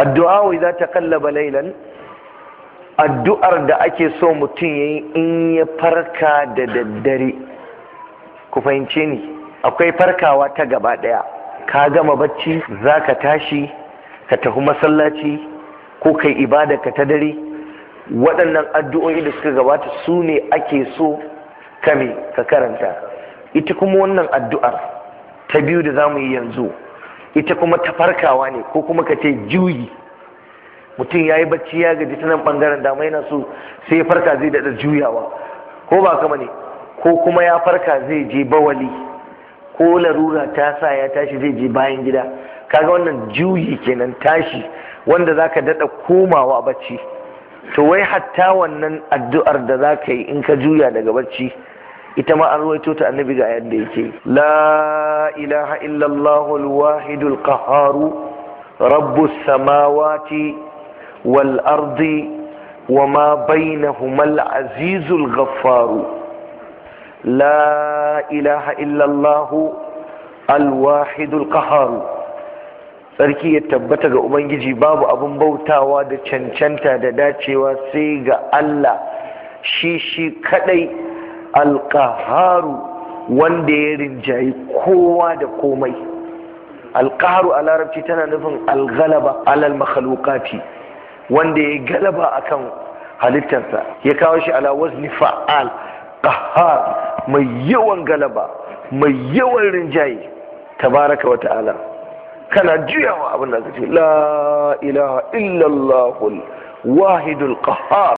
addu'a idza taqallaba laylan addu'ar da ake so mutum yayi in ya farka da daddare ku fahimce ni akwai farkawa ta gaba daya ka gama bacci zaka tashi ka tafi masallaci ko kai ibada ka ta dare waɗannan addu'o'i da suka gabata su ne ake so kame ka karanta ita kuma wannan addu'ar ta biyu da za mu yi yanzu ita kuma ta farkawa ne ko kuma ka ce juyi mutum ya yi bacci ya gaji ta nan ɓangaren dama yana so sai farka zai daɗa juyawa ko ba kama ne ko kuma ya farka zai je bawali ko larura ta sa ya tashi zai je bayan gida kaga wannan juyi kenan tashi wanda za ka daɗa komawa bacci to wai hatta wannan addu'ar da za ka yi in ka juya daga bacci ita ma an ruwaito ta annabi ga yadda yake la ilaha illallah alwahidul qahharu rabbus samawati wal ardi وما بينهما العزيز الغفار لا La ilaha illallah الواحد sarki ya tabbata ga ubangiji babu abun bautawa da cancanta da dacewa sai ga Allah shi shi kadai Alƙaharu wanda ya rinjayi kowa da komai alƙaharu a larabci tana nufin algalaba alal makhalukati wanda ya galaba akan halittarsa ya kawo shi ala wazni fa'al qahhar mai yawan galaba mai yawan rinjaye tabaraka wa ta'ala kana juyawa abin da kace la ilaha illallahul wahidul qahhar